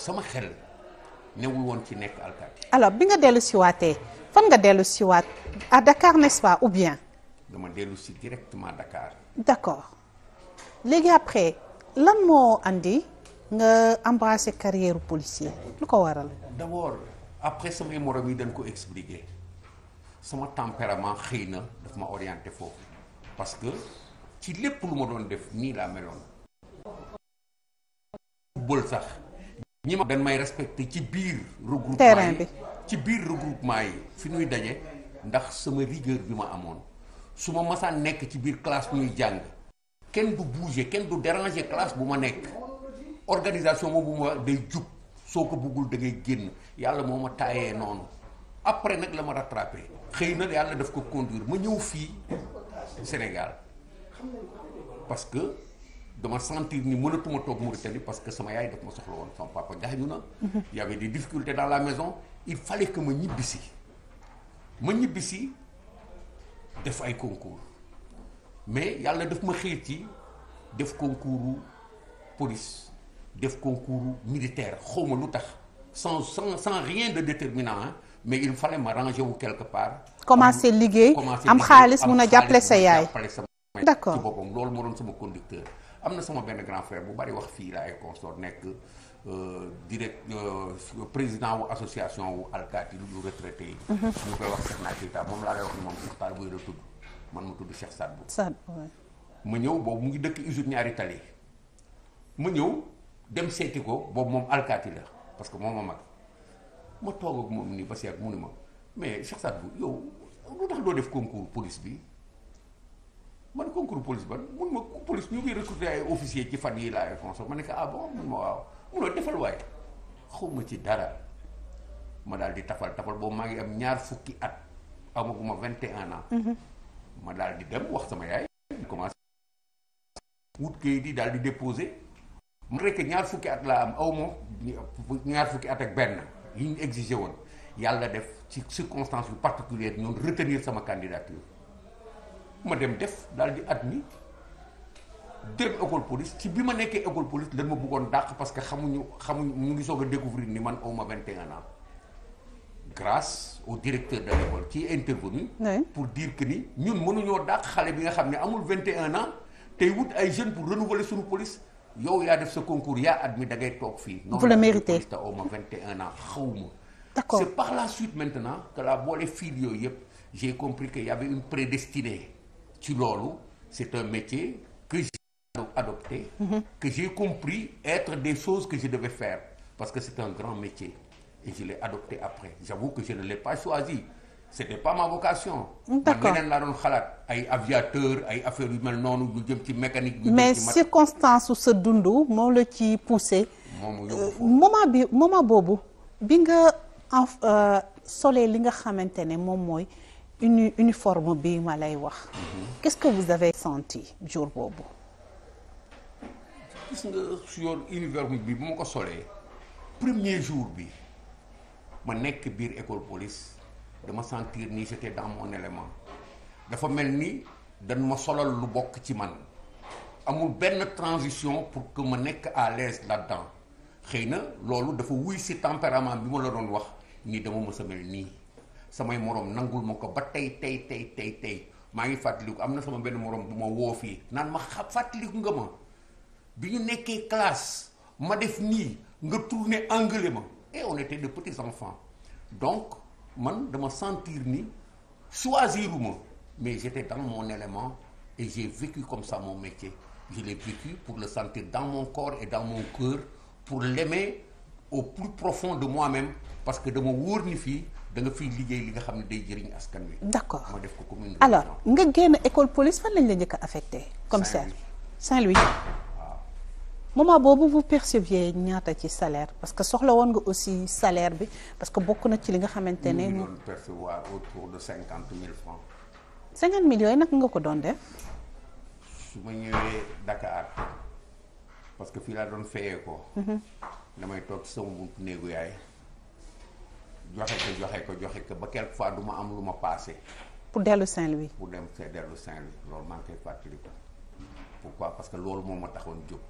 sama xel newul woon ci nekk alkaati. alors bi nga dellu si waatee fan nga dellu si waat à Dakar n'est-ce pas ou bien. dama dellu si directement Dakar. d'accord léegi après lan moo andi nga embrasser carrière policier lu ko waral. d'abord après samay morom yi dañ ko expliquer sama tempérament xëy na daf ma orienté foofu parce que ci lépp lu ma doon def nii laa meloon. ñi ma dañ may respecté ci biir regroupement terrain bi ci biir regroupement yi fi ñuy daje ndax sama rigueur bi ma amoon su ma masaan nekk ci biir classe ñuy jàng kenn du bouger kenn du déranger classe bu ma nekk organisation boobu ma day jub soo ko bëggul da ngay génn yàlla moo ma taayee noonu après nag la ma rattrapé xëy na yàlla daf ko conduire ma ñëw fii Sénégal parce que dama sentir ni mënatuma toog Mauritanie parce que sama yaay daf ma soxla woon sama papa gaañu na. y avait des difficultés dans la maison il fallait que ma ñibbisi ma ñibbisi def ay concours mais yàlla daf ma xëy ci def concours police def concours militaire xawma lu tax sans sans sans rien de déterminant hein, mais il fallait ma ranger wu quelque part. commencer liggéey am xaalis mun a jàppale sa yaay. d'accord loolu moo doon sama conducteur. am na sama benn grand frère bu bari wax fii la ay consort nekk euh, direct euh, président wu association wu alkaati lu retraité yi ñu mhm. koy wax Cheikh Nakita moom laa lay wax ni moom ma tudd ñëw boobu mu ngi dëkk usine ñaari ñëw dem seeti ko boobu moom alkaati la parce que moom ma mag ma toog ak moom ni ba seet mu ni ma mais Cheikh Sadbou yow lu tax doo def concours police bi man concours police ban mun ma police ñu ngi recruter ay officier ci fan yi la Alfonso ma ne ko ah bon mun ma waaw munoo defal waaye xaw ma ci dara ma daal di tafal tafal boobu maa ngi am ñaar fukki at amaguma vingt et un ans mhm. ma daal di dem wax sama yaay commencé wut kayit daal di déposé ma rekk ñaar fukki at laa am aw moom ñaar fukki at ak benn yi ñu exige woon yàlla def ci circonstance yu particulière ñoom retenir sama candidature ma dem def daal di admis dem école police ci bi ma nekkee école police lan ma bëggoon dàq parce que xamuñu xamuñu ñu ngi soog a découvrir ni man awma vingt et un ans grâce au directeur de l'école ci est intervenu pour diir que ni ñun mënuñoo dàq xale bi nga xam ne amul vingt et un ans tey wut ay jeunes pour renouveler suñu police yow yaa def sa concours yaa admis da toog fii vous le méritez te awma vingt et un ans xawma d'accord c'est par la suite maintenant que la boole fil yooyu yëpp j'ai compris que y avait une ci loolu c'est un métier que j'ai compris être des choses que je devais faire parce que c'est un grand métier et je l'ai adopté après j'avoue que je ne l'ai pas choisi c'était pas ma vocation man xalaat ay aviateur ay affaire yu mel noonu yu jëm ci mécanique mais circonstance su sa dund moom la ci poussé euh, moment bi moment boobu bi nga euh, solee li nga xamante ne moom mooy uni uniforme bi ma lay wax. qu'est-ce que vous avez senti jour boobu. gis nga yoon uniforme bi bu ma ko solee premier jour bi ma nekk biir école police dama sentir ni j'étais dans mon élément dafa mel ni dañ ma solal lu bokk ci man amul benn transition pour que ma nekk à l'aise là-dedans xëy na loolu dafa wuy si tempérament bi ma la doon wax ni dama mës a mel nii. samay moroom nangul ma ko ba tey tey tey tey tey maa ngi fàttaliku am na sama benn morom bu ma woo fii naan ma xa fàttaliku nga ma bi ñu nekkee classe ma def nii nga tourné anglais ma et eh, on était de petits enfants donc man dama sentir ni choisiruma mais j'étais dans mon élément et j'ai vécu comme ça mon métier je l'ai vécu pour le sentir dans mon corps et dans mon cœur pour l'aimer au plus profond de moi-même parce que dama wóor ni fii danga nga fiy liggéey li nga xam ne day jëriñ askan wi. d'accord ma def ko commune. alors nga génn école police fan lañ la njëkk a affecté. commissaire Saint-Louis waaw moment boobu vous perceviez ñaata ci salaire parce que soxla woon nga aussi salaire bi parce que bokk na ci li nga xamante ne. ñu cinquante mille francs. cinquante millions yi nag nga ko doon def. su ma ñëwee Dakar parce que fii laa doon fayee ko. Mhm. damay toog sama buntu néegu yaay. joxe ko joxe ko joxe ko ba quelque fois du ma am lu ma paase. pour dellu Saint-Louis. pour dem see dellu Saint-Louis loolu maa ngi koy fàttaliku. pourquoi parce que loolu moo ma taxoon jóg.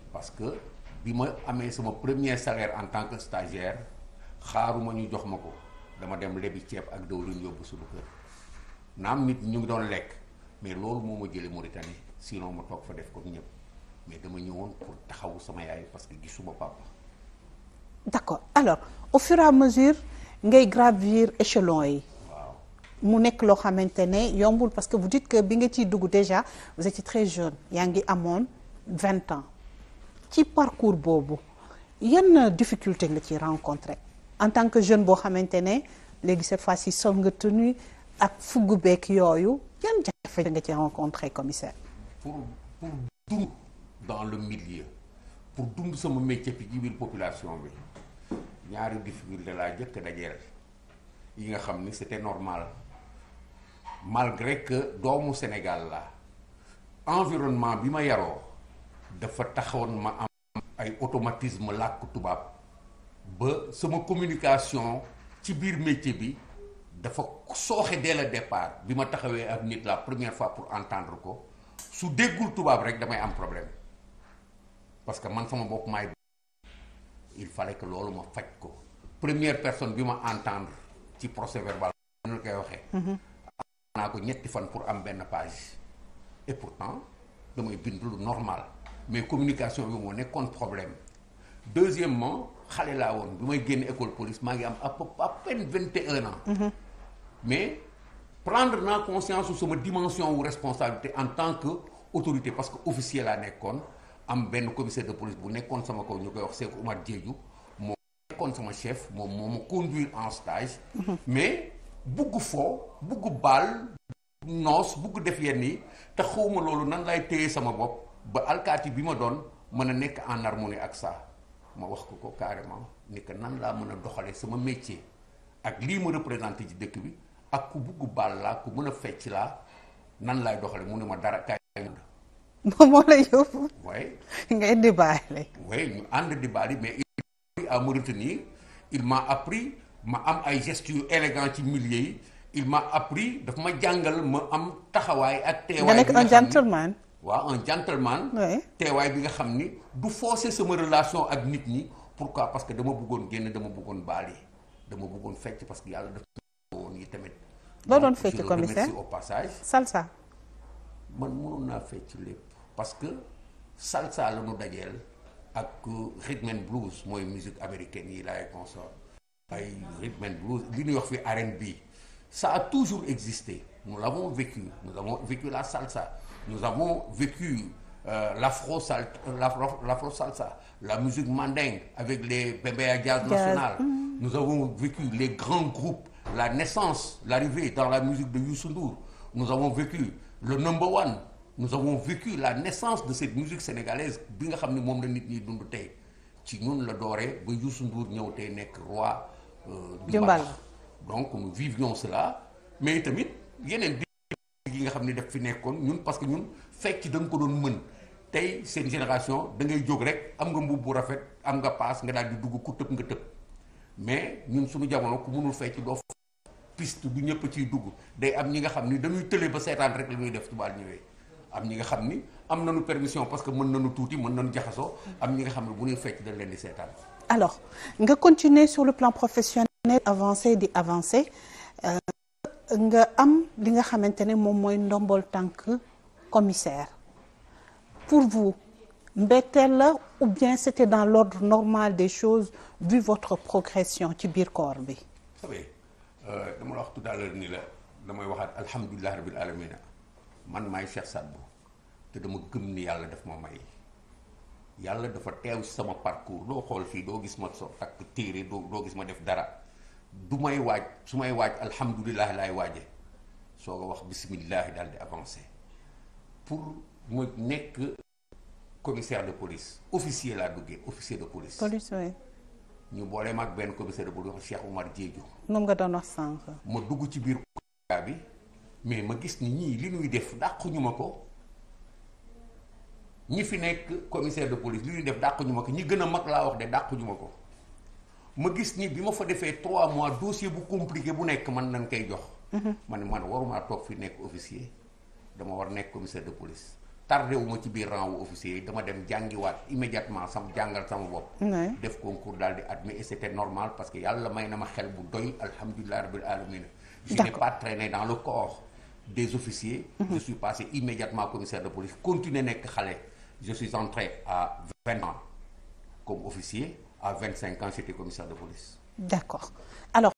parce que bi ma amee sama premier salaire en tant que stagiaire xaaruma ñu jox ma ko dama dem lebi ceeb ak dawlin yóbbu suñu kër naam nit ñu ngi doon lekk mais loolu moo ma jëlee Mauritanie sinon ma toog fa def ko ñëpp mais dama ñëwoon pour taxawu sama yaay parce que gisuma papa. d'accord alors au fur et mesure ngay gravir échelon yi. mu nekk loo xamante ne yombul parce que vous dites que bi nga ciy dugg déjà vous étiez très jeune yaa ngi amoon vingt ans ci parcours boobu yan difficulté nga ci rencontre en tant que jeune boo xamante ne léegi set fois yi sol nga tenue ak fuggu beeg yooyu yan jafe nga ci rencontré commissaire. pour pour dund dans le milieu pour dund sama métier bi ci biir population bi. ñaari difficulté laa jëkk dajeel yi nga xam ni c'était normal malgré que doomu Sénégal la environnement bi ma yaroo dafa taxoon ma am ay automatisme làkk tubaab ba sama communication ci biir métier bi dafa sooxe dès le départ bi ma taxawee ak nit la première fois pour entendre ko su déggul tubaab rek damay am problème parce que man sama bopp maay il fallait que loolu ma faj ko première personne bi ma entendre ci procès verbal nu koy waxee naa ko ñetti fan pour am benn page et pourtant damay bind lu normal mais communication bi moo nekkoon problème deuxièmement xale laa woon bi may génn école police maa ngi am à peu à peine un ans mais prendre naa conscience su sama dimension wu responsabilité en tant que autorité parce que officier laa nekkoon am benn commissaire de police bu nekkoon sama kaw ñu koy wax Cheikh Oumar Diédhiou moo nekkoon sama chef moom moo ma conduire en stage mhm. mais bugg foo bugg baal noos bugg def yenn yi te xawma loolu nan lay téye sama bopp ba alkaati bi ma doon mën a nekk en harmonie ak saa ma wax ko ko carrément ni que nan laa mën a doxalee sama métier ak lii ma représenté ci dëkk bi ak ku bugg baal laa ku mën a fecc laa nan laay doxale mu ne ma dara kaay moom moo la yóbbu. nga ngay débaale. oui ñu ànd débaale mais il m'a appris à m'a am ay gestes yu élégants ci milieu yi il m'a appris ma jàngal ma am taxawaay ak. teewaay nga nekk un gentleman. waaw un gentleman. teewaay bi nga xam ni du forcer sama relation ak nit ñi pour pourquoi parce que dama buggoon génn dama buggoon baale dama bëggoon fecc parce que yàlla daf woon yi tamit. loo doon fecc commissaire au passage salsa. man mënoon naa fecc lépp. parce que salsa la nu dajeel ak rhythm blues musique américaine yi laay consort ay blues li ñuy wax fi R&B ça a toujours existé nous la salsa nous avons vécu euh, sal l'afro salsa la musique mandingue avec les bembeya jazz national mm. nous avons vécu les grands groupes la naissance l'arrivée dans la musique de Youssou nous avons vécu le number one nous avons vécu la naissance de cette musique sénégalaise bi nga xam ne moom la nit ñi dund tey ci ñun la dooree ba Youssou Ndour ñëw tey nekk roi euh, du mbalax donc nous vivions cela mais tamit yeneen di nga xam ne daf fi nekkoon ñun parce que ñun fekk da ko doon mën tey seen génération da ngay jóg rek am nga mbubb bu rafet am nga paas nga daal di dugg ku tëb nga tëb mais ñun suñu jamono ku mënul fecc doo piste du ñëpp ciy dugg day am ñi nga xam ni dañuy tële ba seetaan rek def tubaab ñëwee am ñi nga xam ni am na nañu permission parce que mën na nañu tuuti mën nañu jaxasoo am ñi nga xam ne bu ñuy fecc dañ leen di seetaan. alors nga continuer sur le plan professionnel avancé di avancé euh, nga am li nga xamante ne moom mooy ndombol tànk commissaire pour vous mbetteel la ou bien c'était dans l'ordre normal des choses vu votre progression ci biir corps bi. vous savez euh, dama la wax tout à waxaat alhamdulilah rabil alamina man maay Cheikh Sadbou te dama gëm ni yàlla daf ma may yàlla dafa teew sama parcours loo xool fii doo gis ma so takk téere doo gis ma def dara du may waaj su may waaj alhamdulilah laay waaje soo ko wax bisimilah daal di avancé pour mu nekk commissaire de police officier laa duggee officier de police. police oui. ñu boole ak benn commissaire de police Cheikh Oumar Diédhiou. moom nga doon wax sànq. ma dugg ci biir bi. mais ma gis ni ñii li ñuy def dàquñu ma ko ñi fi nekk commissaire de police li ñuy def dàquñu ma ko ñi gën a mag laa wax de dàquñu ma ko ma gis ni bi ma fa defee trois mois dossier bu compliqué bu nekk man nañ koy jox. Mhm. man man warumaa toog fi nekk officier dama war nekk commissaire de police tardé ci biir rang wu officier dama dem jàngiwaat immédiatement sama jàngal sama bopp. def concours daal di admis et c'était normal parce que yàlla may na ma xel bu doy alhamdulilah rabbil alamin. je n'ai pas traîné dans le corps. des officiers. Mhm. je suis passé immédiatement commissaire de police continuer nekk xale. je suis entré à vingt ans comme officier à ans j'étais commissaire de police. d'accord